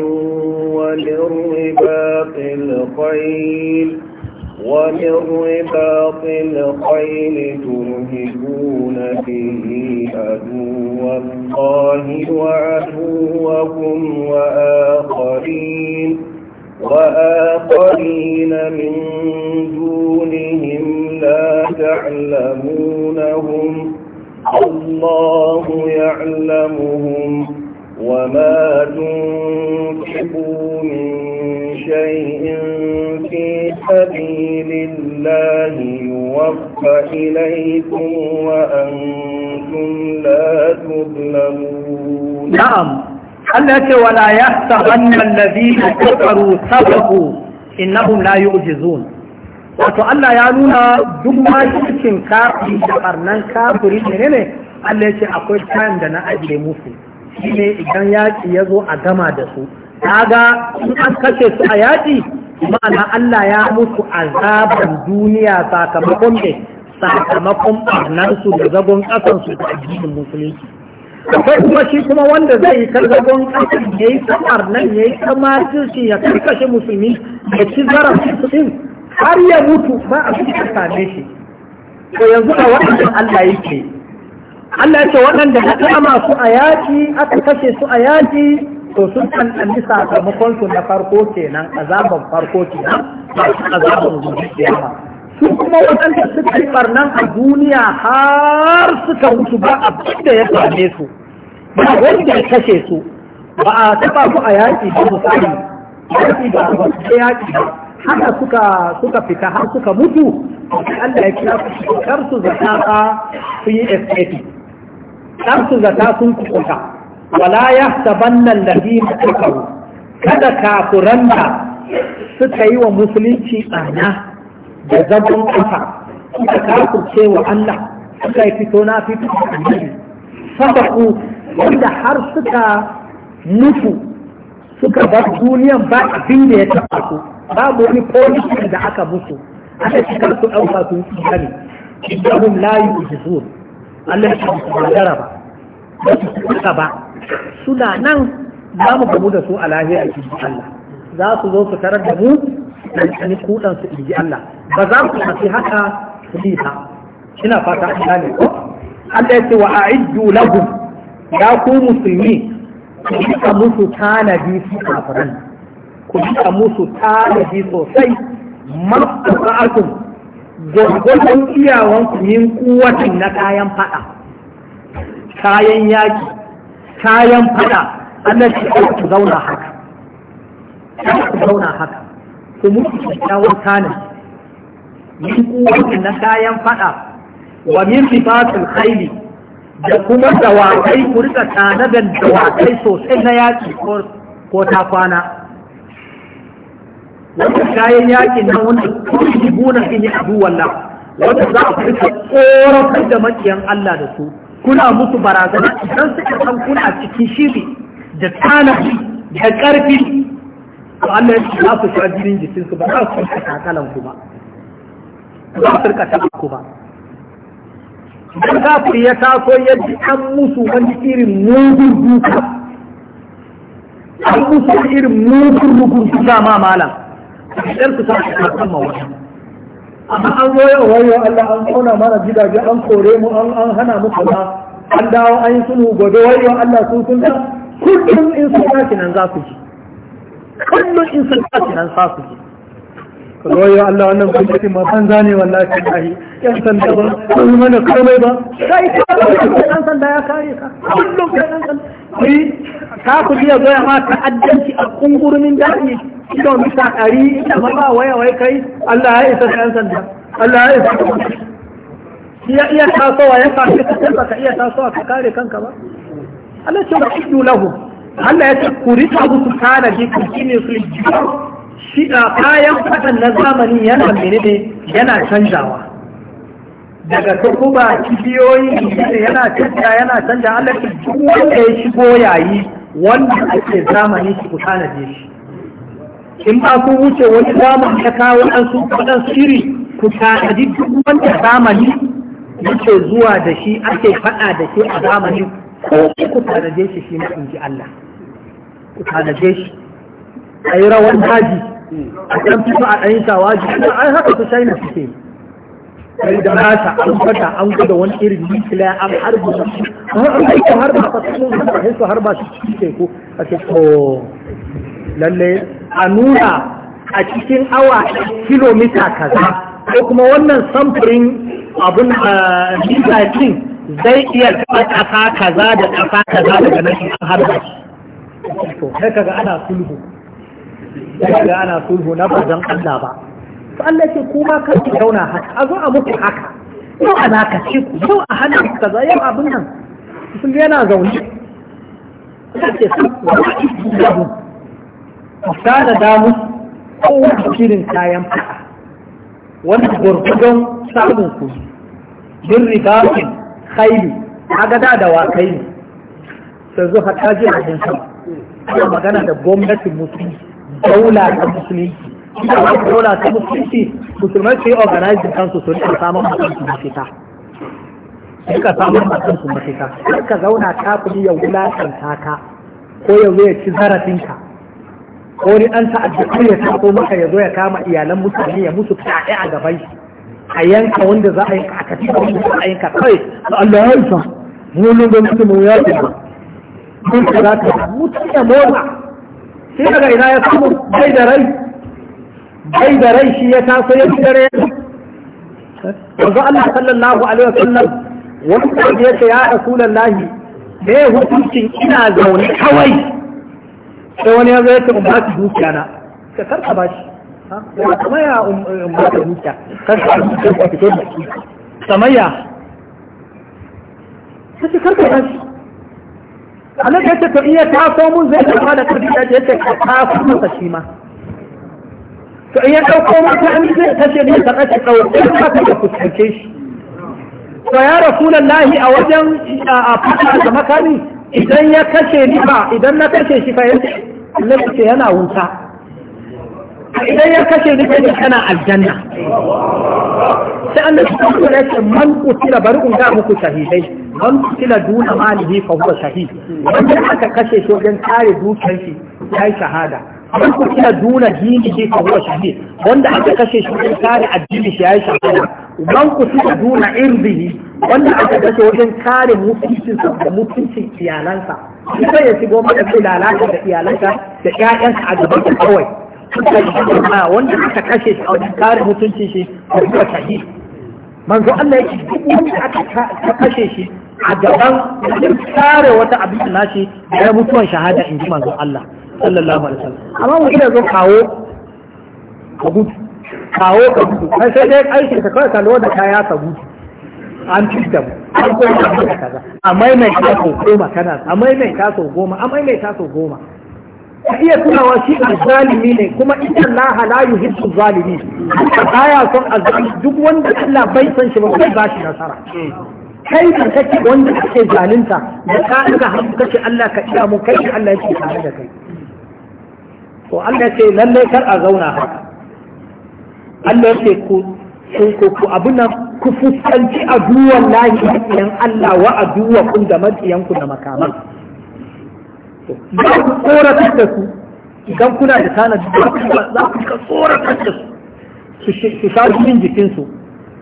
وللرباط الخيل وللرباط الخيل ترهبون به عدو الله وعدوكم وآخرين وآخرين من دونهم لا تعلمونهم الله يعلمهم وما تنفقوا من شيء في سبيل الله يوفى إليكم وأنتم لا تظلمون نعم حلت ولا يحسبن الذين كفروا سبقوا إنهم لا يعجزون wato Allah ya nuna duk makircin kafin da barnan kafiri ne ne Allah ya ce akwai time da na ajiye musu shi ne idan yaƙi ya zo a gama da su kaga in an kashe su a yaƙi ma'ana Allah ya musu azabar duniya sakamakon ne sakamakon ɓarnansu da zagon ƙasansu da addinin musulunci akwai kuma shi kuma wanda zai yi ta zagon ƙasar ya yi ta nan ya yi ta martirci ya kashe musulmi ya ci zarafin su har ya mutu ba a same shi to yanzu a waɗanda Allah yake Allah ya ce waɗanda na kama su a yaƙi aka kashe su a yaƙi to sun kan ɗanɗi sakamakon su na farko kenan azaban farko kenan ba su azaban gobe kiyama su kuma waɗanda suka yi barnan a duniya har suka mutu ba abin da ya same su ba wanda ya kashe su ba a taɓa su a yaƙi da misali yaƙi ba a su yaƙi ba haka suka suka fita har suka mutu Allah ya kira su kar su zakata su yi FAP kar su zata sun kukuta wala ya sabannan ladina kafaru kada kafuran da suka yi wa musulunci tsana da zagon kafa suka kafurce wa Allah suka yi fito na fito a annabi sabaku wanda har suka mutu suka bar duniyan ba abin da ya taɓa su babu wani policy da aka musu aka cikar su ɗauka su yi tsari innahum la yu'jizun Allah ya su magana ba ba su kuka ba suna nan za mu gamu da su a lahiya a cikin Allah za su zo su tarar da mu ni kuɗan su inji Allah ba za ku tafi haka su bi ta ina fata an gane ko Allah ya ce wa a'iddu lahum ya ku musulmi ku rika musu tanadi su kafiran ku rika musu tanadi sosai mastafa'atum iyawan iyawanku yin kuwatin na kayan fada kayan yaki kayan fada Allah shi ku zauna haka ku zauna haka ku mutu kyakkyawan kanin yin kuwatin na kayan fada wa min fifatul khayli da kuma dawakai ku rika tanadar dawakai sosai na yaki ko ta kwana wanda kayan yakin nan wanda kuma guna in yi abu walla wanda za a fita korafin da makiyan Allah da su kuna musu barazana idan suka san kuna cikin shiri da tanadi da karfi to Allah ya ce za su sha jirin jikin su ba za su rika takalan ku ba za su rika takalan ku ba idan kafiri ya taso yadda an musu wani irin mugun duka an musu irin mugun duka ma malam ɗan ku sa a kan mawata amma an zo yau wayo Allah an kauna mana gidaje an kore mu an hana mu kaza an dawo an yi sulhu gobe wayo Allah sun sun kullum in sun tashi nan za su ji kullum in sun tashi nan za su ji kawai Allah wannan gwamnati ma san zane wallahi tallahi yan sanda ba sun mana komai ba sai ka dan sanda ya kare ka kullum kai dan sanda ni ka ku biya goya ma ta'addanci a kungurumin dadi idan bisa dari ina ma ba waya wai kai Allah ya isa dan sanda Allah ya isa ya iya tasowa ya kashe ka sai ka iya tasowa ka kare kanka ba Allah ya ce wa idu lahu Allah ya ce ku rika ku kana bi ku shine su shi a kayan faɗan na zamani yana mene ne yana canjawa daga takuba kibiyoyi yana canja yana canja Allah ki duk wanda ya shigo yayi wanda ake zamani su kusana da shi in ba ku wuce wani zamani ya kawo dan su dan shiri ku tanadi duk wanda zamani yake zuwa da shi ake faɗa da shi a zamani ko ku tanade shi shi ma in ji Allah ku tanade shi a yi rawan daji a kan fito a ɗanyi yi tawaji kuma an haka su china suke kai da nasa an fata an gada wani irin nukiliya an harba su an aika harba a fasasun sai su harba su cikin ko a ce ko lalle a nuna a cikin awa kilomita kaza ko kuma wannan samfurin abun a mitatin zai iya taɓa kasa kaza da kasa kaza daga nan an harba shi. To, sai kaga ana sulhu. daga ana sulhu na bazan Allah ba Su Allah ce kuma kar ki zauna haka a zo a muku haka yau a ce ku yau a hannun ka kaza yau abin nan sun yana zaune kace su wa ibu da damu wata shirin kayan fata, wani gurgudan samun ku bin ribakin khairu agada da wakai ne sai zo haka ji a jinsa ana magana da gwamnatin mutum. daula ta musulunci daula ta musulunci musulmai su yi organizing kansu su rika samun matsansu mafita rika samun matsansu mafita ka zauna kafin ya wulakanta ka ko ya zo ya ci zarafinka ko ni ɗan ta'addu ya taso maka ya zo ya kama iyalan mutane ya musu fyaɗe a gaban shi a yanka wanda za a yanka a kaci wanda za a yi kai da Allah ya yi mu ne ga mutum ya ce mun ka za ka mutum ya motsa sai daga ina ya samu bai da rai bai da rai shi ya taso ya fi dare yanzu Allah sallallahu alaihi wa sallam wani sahabi ya ce ya lahi. me hukuncin ina zaune kawai sai wani ya zo ya ce in ba ki dukiya na ka karka ba shi kamaya in um, um, ba ka dukiya karka ba ki kamaya sai karka ba shi annabi ya ce to in ya taso mun zai tafa da kudi da ya ce ka taso masa shi ma to iya ya dauko mun ta an zai tashi ne ta kace dauke ka ka fuskace shi to ya rasulullahi a wajen a fata da makami idan ya kashe ni ba idan na kashe shi fa yace annabi ce yana wuta idan ya kashe ni kai kana aljanna sai annabi ya ce man kutila bari in ga muku shahidai man kutila duna malihi fa huwa shahid wanda aka kashe shi wajen kare dukiyar shi yayi shahada man kutila duna dinihi fa huwa shahid wanda aka kashe shi wajen kare addini shi yayi shahada man kutila duna irdihi wanda aka kashe wajen kare mutuncin sa da mutuncin iyalansa sai ya shigo mata da lalata da iyalansa da ƴaƴansa a gaban kawai wanda aka kashe shi a wajen kare mutuncin shi da huwa shahid manzo Allah yake duk wanda aka kashe shi a gaban kare wata abin nashi da ya mutuwan shahada in ji manzon Allah sallallahu alaihi wasallam amma mu kira kawo ka gudu kawo ka gudu kai sai dai aiki ka kawai da kaya ka gudu an ci da mu an koma da kaza a ta sau goma kana goma goma ka iya tunawa shi azzalimi ne kuma inna Allah la yuhibbu zalimi baya son azzalimi duk wanda Allah bai san shi ba zai ba shi nasara kai ka kake wanda kake zalunta da ka daga hannu kace Allah ka iya mu kai Allah yake tare da kai to Allah ce lallai kar a zauna haka Allah ce ku ku ku abuna ku fuskanci aduwan lahi yan Allah wa aduwa kun da makiyan ku na makaman za ku kora da su idan kuna da tanadi za ku tsoratar da su su sha jikin su.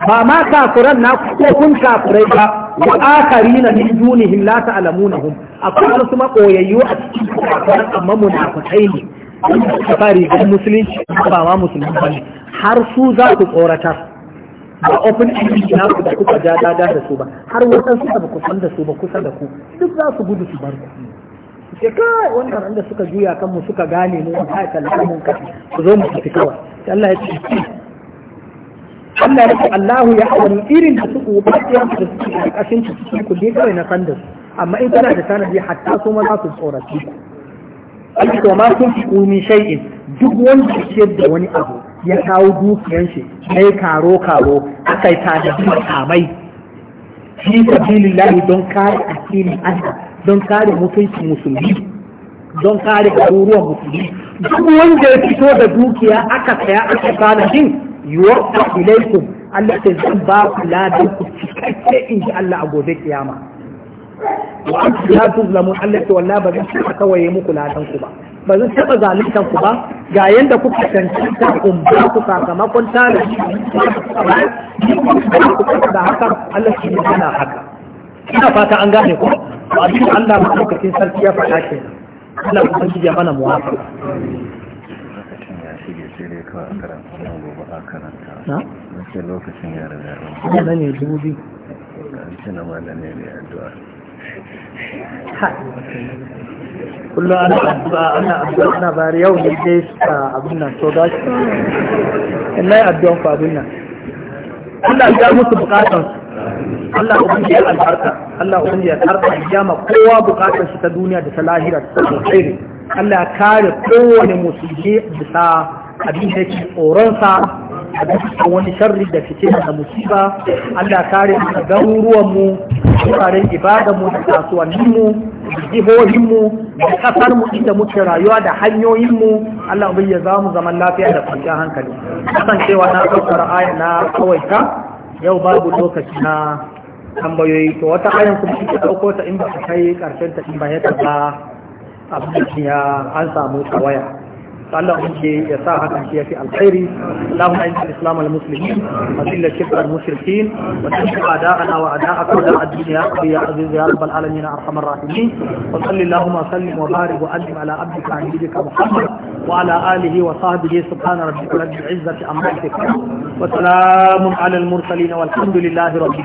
ba ma kafiran na ko kun kafirai ba wa akari na min dunihim la ta'lamunahum akwai wasu makoyayyo a cikin kafiran amma munafikai ne suka fari ga musulunci ba ma musulmi ba ne har su za ku tsorata ba open ended na ku da kuka ja dada da su ba har wasan su ba ku san da su ba kusa da ku duk za su gudu su bar ku ke kai wannan ran da suka juya kan mu suka gane mu ba ta lamun kafi ku zo mu tafi kawai Allah ya ce Allah ya ce Allahu ya wani irin da su uba ya da su a kashin su su ku ne kawai na san da su amma in kana da tanadi hatta su ma za su tsoraci ku Allah to ma sun fi kumi shay'in duk wanda ciyar da wani abu ya kawo dukiyan shi kai karo karo akai ta da ka fi sabilillahi don kare cikin Allah don kare mutuncin musulmi don kare garuruwan musulmi duk wanda ya fito da dukiya aka saya aka kana din yuwaffa ilaikum Allah ce zan ba ku ladan ku in ji Allah a gobe kiyama wa an la tuzlamun Allah ce ba zan taba tawaye muku ladan ku ba ba zan taba zalunta ku ba kuka ba Allah haka ina fata an gane ku abin Allah ma lokacin sarki ya faɗa kenan Allah ku san ya mana muwafaqa na? wace lokacin ya riga ya zane dubu biyu an na mana ne da addu'a kullu ana addu'a ana addu'a yau ne dai abin nan so da shi in yi addu'a fa abin nan Allah ya musu bukatansu Allah ubangiji ya albarka Allah ubangiji ya kowa bukatar shi ta duniya da ta lahira ta alkhairi Allah ya kare kowane musulmi bisa abin da yake tsoronsa a dukkan wani sharri da fice da musiba Allah kare mu da garuruwan mu wuraren ibada mu da kasuwannin mu da jihohin mu da kasar mu inda muke rayuwa da hanyoyin mu Allah ubai ya za mu zaman lafiya da kwanciyar hankali kasancewa na ɗaukar aya na kawai ka yau babu lokaci na tambayoyi to wata ayan kuma ita ɗauko ta in ba ta kai ƙarshen ta in ba ya taɓa abin ya an samu tsawaya Allah ya sa hakan shi yafi alkhairi Allahumma inna al-islam al-muslimin wa zilla shirk al-mushrikin wa tanfa ada'ana wa ada'aka wa ad-dunya ya